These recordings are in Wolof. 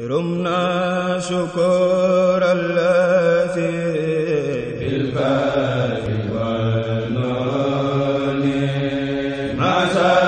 رمنا شكر الذي بالفاتح والنور ما زال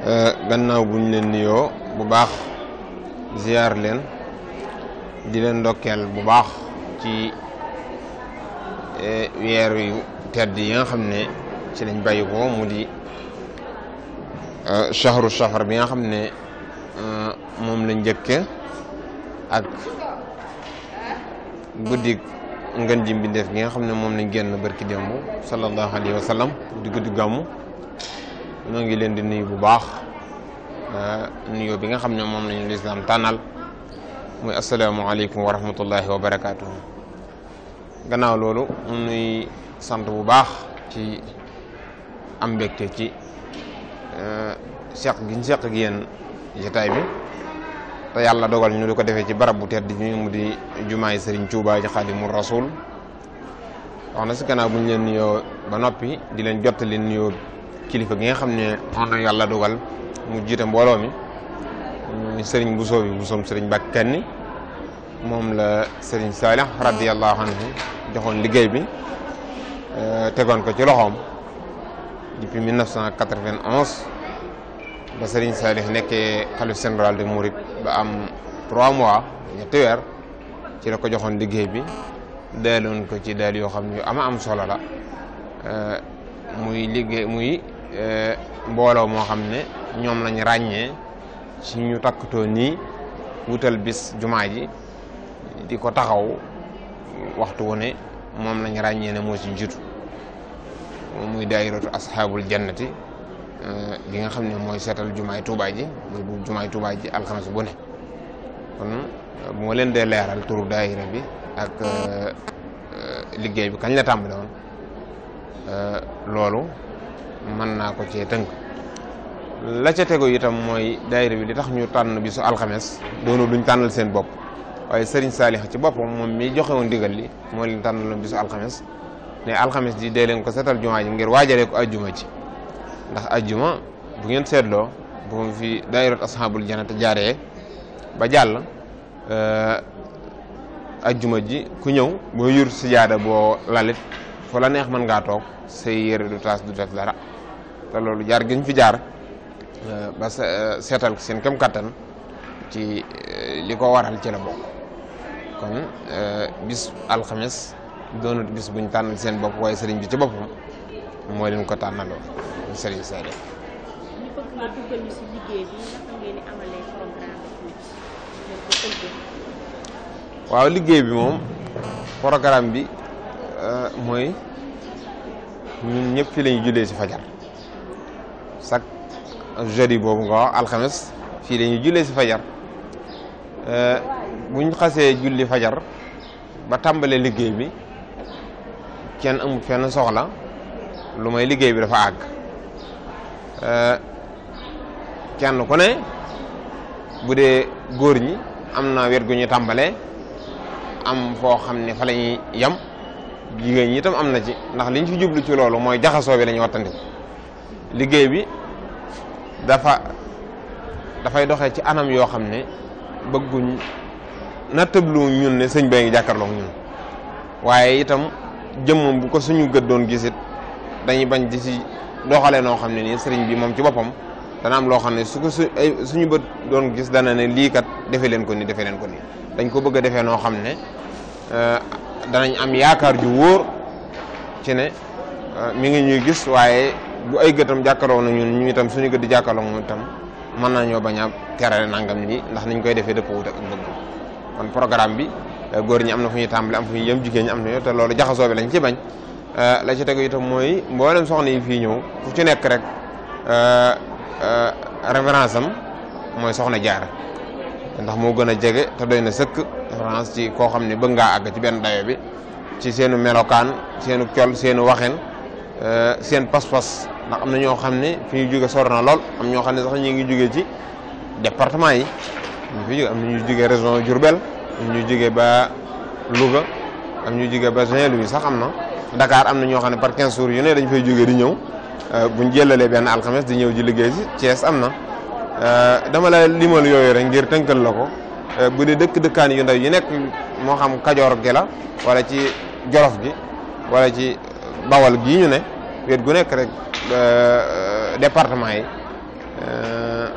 Euh, gannaaw bu ñu leen nuyoo bu baax ziar leen di leen ndokkeel bu baax ci eh, weer yu tedd yi nga xam ne ci lañ bàyyi ko mu di euh, shahru safar bi nga xam ne euh, moom lañ njëkke ak guddi ngën ji mbindeef gi nga xam ne moom lañ génn bërki démb sallallahu alayhi wa sallam di guddi gàmmu ñoo ngi leen di nuyu bu baax ah, nuyoo bi nga xam ne moom lañu lislaam tànnal muy asalaamaaleykum wa rahmatullahi wa barakaatu. gannaaw loolu nuy sant bu baax ci am mbégte ci eh, seq gi ñu seq gi yéen jotaay bi te yàlla dogal ñu di ko defee ci barab bu tedd bi mu di jumaay Serigne Touba ci Xaadimu Rasuul wax na si gannaaw bu ñu leen nuyoo ba noppi di leen jottali nuyoo kilifa gi nga xam ne on na yàlla dogal mu jiite mbooloo mi ñu sëriñ Bousso bi Boussoom sëriñ Mbàkke Kanni moom la sëriñ Saalix radiyallahu anhu joxoon liggéey bi euh, tegoon ko ci loxoom depuis 1991 ba sëriñ Saalix nekkee xalif général de Mouride ba am 3 mois ñetti weer ci la ko joxoon liggéey bi daaloon ko ci daal yoo xam ne yu ama am solo la euh, muy liggéey muy Eh, mbooloo moo xam ne ñoom lañ ràññee si ñu takkatoo nii wutal bis jumaa ji di ko taxaw waxtu wu ne moom lañ ràññee ne moo ci njiitu muy daayiratu asxaabul jannati li eh, nga xam ne mooy seetal jumaay Tuubaa ji muy bu jumaay Tuubaa ji alxames bu ne kon bu eh, leen dee leeral turu daayira bi ak liggéey bi kañ la tàmbale woon loolu mën naa ko cee tënk la ca tegu itam mooy daayira bi li tax ñu tànn bi su alxames doonu duñ tànnal seen bopp waaye sëriñ Saalix ci boppam moom mi joxe woon ndigal li moo leen tànnaloon bi su alxames ne alxames ji dee leen ko seetal jumaa ji ngir waajalee ko ajjuma ci ndax ajjuma bu ngeen seetloo bu mu fi daayirat asxaabul janata jaaree ba jàll euh, ajjuma ji ku ñëw boo yur si jaada boo lalit fa la neex mën ngaa toog say yére du taas du def dara te loolu jaar gi ñu fi jaar euh, ba euh, seetal seen kem kattan ci euh, li ko waral ci la bokk kon bis alxames doonut bis buñ tànnal seen bokk waaye sëriñ bi ci boppam moo leen ko tànnaloo sëriñ Seydou. waaw liggéey bi moom programme bi mooy ñun ñëpp fi lañu jullee ci fajar. chaque jeudi boobu nga wax alxames fii la ñuy jullee si fajar euh, buñ xasee julli fajar ba tàmbalee liggéey bi kenn amul fenn soxla lu may liggéey bi dafa àgg euh, kenn ku ne bu dee góor ñi am na wet gu ñu tàmbalee am foo xam ne fa la yam yem jigéen ñi itam am na ci ndax liñ fi jublu ci loolu mooy jaxasoo bi la ñu liggéey bi dafa dafay doxe ci anam yoo xam ne bëgguñ nattablu ñun ne sëñ bee ngi jàkkaarloog ñun waaye itam jëmmam bu ko suñu gët doon gisit dañuy bañ di ci doxalee noo xam ne nii sëriñ bi moom ci boppam dana am loo xam ne su ko suñu bët doon gis dana ne lii kat defee leen ko nii defee leen ko nii dañ ko bëgg a defee noo xam ne euh, danañ am yaakaar ju wóor ci ne euh, mi ngi ñuy gis waaye bu eh, ay gëtam jakkaro na ñun ñu itam suñu gëdd jakkalo ñu itam man nañoo bañ a terale nangam ni ndax niñ koy défé dëppoo wut ak bëgg kon programme bi eh, goor ñi amna na fu ñuy tàmbali am fu ñuy yem jigéen ñi amna té loolu jaxaso bi lañ ci bañ euh la ci tegu itam moy mbolam soxna yi fi ñëw fu ci nekk rek euh euh référence am moy soxna jaar ndax mo gëna a té doyna sëkk référence ci ko xamni bëgg nga ag ci ben dayo bi ci seenu melokan seenu col seenu waxen euh seen pass pass ndax am na ñoo xam ne fi ñu jóge sor na lool am ñoo xam ne sax ñu ngi jóge ci département yi ñu fi jóge am na ñu jóge région Diourbel ñu jóge ba Louga am ñu jóge ba Saint-Louis sax am na Dakar am na ñoo xam ne par 15 jours yu ne dañ fay di ñëw euh, buñ jëlalee benn alxames di ñëw ji liggéey si am na euh, dama la limal yooyu rek ngir tënkal la ko euh, bu dee dëkk dëkkaan yu ndaw yi nekk moo xam kajoor gi la wala ci jolof gi wala ci bawal gii ñu ne wet gu nekk rek Euh, département yi euh,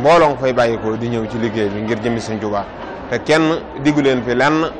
mbooloo fay bàyyikoo di ñëw ci liggéey bi ngir jëmi Sëñ Tuubaa te kenn diggu leen fi lenn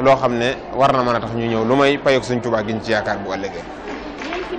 loo xam ne war na mën a tax ñu ñëw lu may payoog suñ Tuubaa gi ñu ci yaakaar bu ëllëgee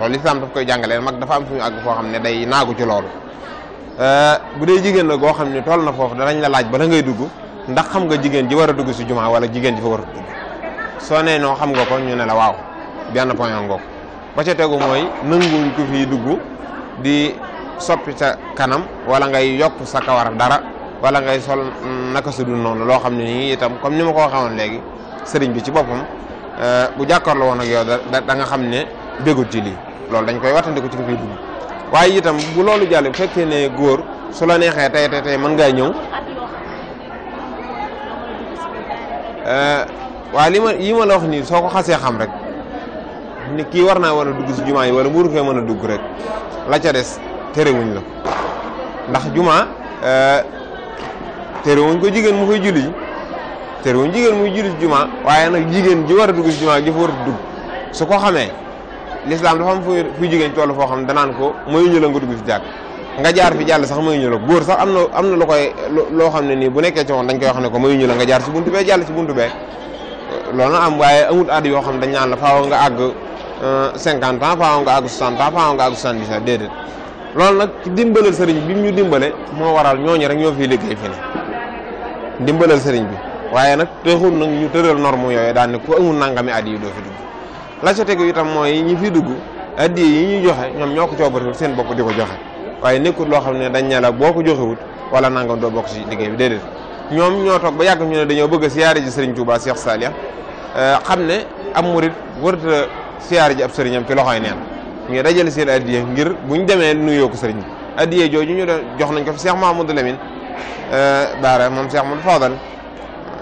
xol islam daf koy jangale mak dafa am suñu ag fo xamne day nagu ci lool euh budé jigen la go xamne tol na fofu dañ la laaj bala ngay dugg ndax xam nga jigen ji wara dugg ci juma wala jigen ji fa wara dugg so nee no xam nga ko ñu ne la waaw ben point ba ca tegu moy nangul ku fi dugg di soppi ca kanam wala ngay yok sa kawar dara wala ngay sol mm, naka su du non lo xam ni itam comme ni ma ko waxoon legi serigne bi ci euh bu la won ak yow da nga xamne begut ci li loolu dañ koy watandiko ci biir dugg waye itam bu lolou jàll bu fekkee ne góor su la nexé tay tay tay man nga ñew euh wa li ma yima la wax ni soko xasse xam rek ni ki warna wara war a dugg si jumaa yi wala muru fe fee mën dugg rek la ca dess téré wuñ la ndax jumaa eh, wuñ ko jigen mu koy julli téré wuñ jigen mu julli si jumaa waaye nag jigéen ji wara a dugg si jumaa ji fu wara a dugg su ko xamé lislaam dafa am fuy fuy jigéen toll foo xam danaan ko mooy ñu la nga dugg fi jàkk nga jaar fi jàll sax mooy ñu la góor am na am na lu koy loo xam ne nii bu nekkee ci woon dañ koy wax ne ko mooy ñu la nga jaar si buntu bee jàll si buntu bee loolu na am waaye amut add yoo xam dañ naan la faaw nga àgg euh, cinquante ans faaw nga àgg soixante ans faaw nga àgg soixante-dix ans déedéet loolu nag dimbalal sëriñ bi ñu dimbale moo waral ñooñu rek ñoo fiy liggéey fi ne dimbalal sëriñ bi waaye nag tëxul nag ñu tëral norme yooyu daan ne ku amul nangami at yi doo fi la ca tegu itam mooy ñi fi dugg addiya yi ñuy joxe ñoom ñoo ko coobatiwul seen bopp di ko joxe waaye nekkul loo xam ne dañ ne la boo ko joxewut wala nangam doo bokk ci liggéey bi déedéet ñoom ñoo toog ba yàgg ñu ne dañoo bëgg a siyaare ji Serigne Touba Cheikh eh, xam ne am murit warut a ab sëriñam ci loxoy neen ñu dajale seen addiya ngir buñ demee nuyoo ko sëriñ bi addiya jooju ñu doon jox nañ ko fi seex Cheikh Mahamadou Lamine Baara eh, moom Cheikh Mahamadou Fadal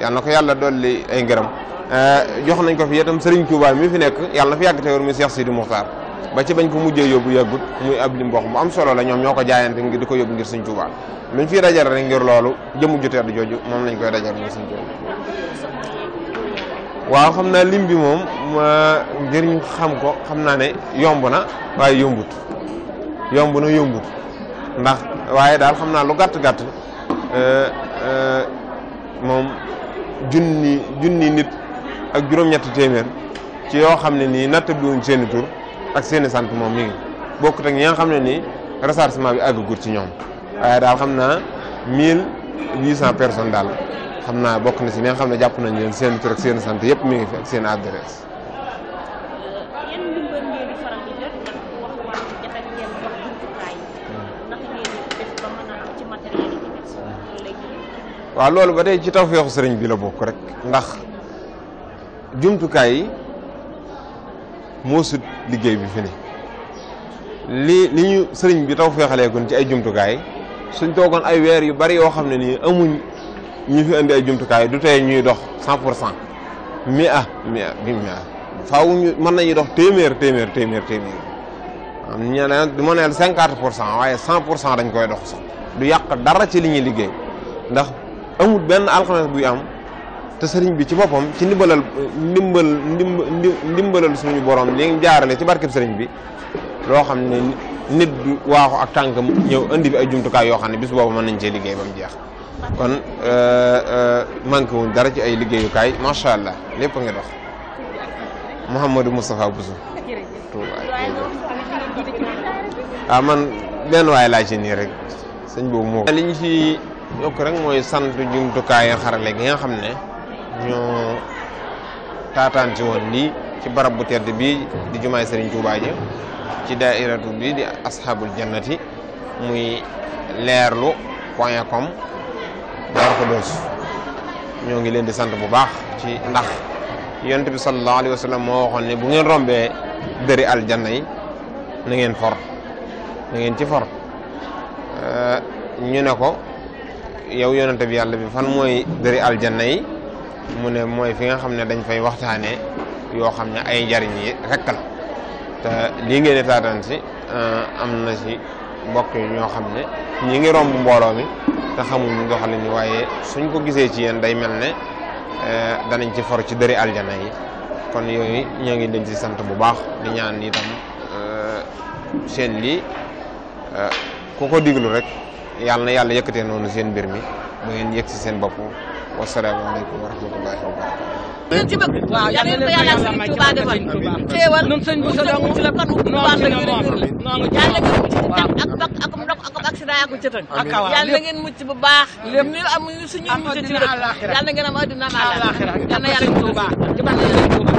yàlla na ko yàlla dolli ay ngërëm Euh, jox nañ ko fi itam Serigne Touba mi fi nekk yàlla na fi yàgg te wér muy Cheikh Sidi Moukhtar ba ci bañ ko mujjee yóbbu yàggut muy ab lim mboq am solo la ñoom ñoo ko jaayante ngir di ko yóbbu ngir Serigne Touba luñ fiy dajal rek ngir loolu jëmu ju tedd jooju moom lañ koy dajal ngir Serigne Touba. waaw xam naa lim bi moom ngir ñu xam ko xam naa ne yomb na waaye yombut yomb na yombut ndax waaye daal xam naa lu gàtt gàtt euh, euh, moom junni junni nit. ak juroom ñett témèr ci yo xamné ni nii nattable wuñ seen tour ak seen sante mom mi ngi bokkut ak ñi nga xamné ni nii recensement bi guur ci ñom ay daal xamna 1800 personnes daal xamna bokku na ci ñi nga xamné japp nañu nañ leen seen tur ak seen sante yépp mi ngi fi ak seen adresse. wa lolou ba tey ci tawfeexu serigne bi la bokk rek ndax jumtukaay yi moo sut bi fini li liñu serign bi taw fexale gun ci ay jumtukaay suñ togon ay weer yu bari yo xamne ni amuñ ñi fi andi ay jumtukaay du tay ñuy dox 100% 100 100 faaw ñu mën nañu dox téeméer téeméer téeméer téeméer am ñala du ma neel waye 100% dañ koy dox sax du yàq dara ci liñu liggey ndax amul ben alxames bu am te sëriñ bi ci bopam ci ndimbalal ndimbal ndimbalal suñu borom li jaarale ci barkeb sëriñ bi lo xamne nit bi waxu ak tankam ñew andi bi ay jumtukaay yoo xam ne bis boobu man nañ ci liggey bam jeex kon euh euh manku won dara ci ay liggeyu kay ma sha allah lepp nga dox Mouhamadou Mustafa Bousso waaw ah, man ben way la ci ni rek sëñ bobu mo liñ ci yok rek moy mooy sant ya xarale gi nga xamne ñoo taataan ci woon lii ci barab bu tedd bii di jumaay Serigne Touba ji ci daairatu bi di ashabul jannati muy leerlu point com Darou Khoudoss ñoo ngi leen di sant bu baax ci ndax yonent bi sallallahu alayhi wa sallam moo waxoon ne bu ngeen rombee dëri aljanna yi na ngeen for na ngeen ci for ñu ne ko yow yonent bi yàlla bi fan mooy dëri aljanna yi mu ne mooy fi nga xamne dañ fay waxtane yo xamne ay jarign yi rek la te li ngeen di ci si eh, am na mbokk yi ño xamne ñi ngi romb mboro mi te xamuñu doxalin ni waye suñ ko gisee ci yeen day melne ne eh, danañ ci for ci dëri aljana yi kon yoy ñi ngi leen ci sant bu baax di ñaan itam eh, seen li ku ko diglu rek yalla na yàlla yëkkatee noonu seen bir mi bu ngeen yëk ci seen bopp wasalaamaaleykum wa rahmatullahi wa barakatuh ngeen ngeen mucc ci tam ak bak ak ndox ak baax lépp ñu ngeen am àddina baax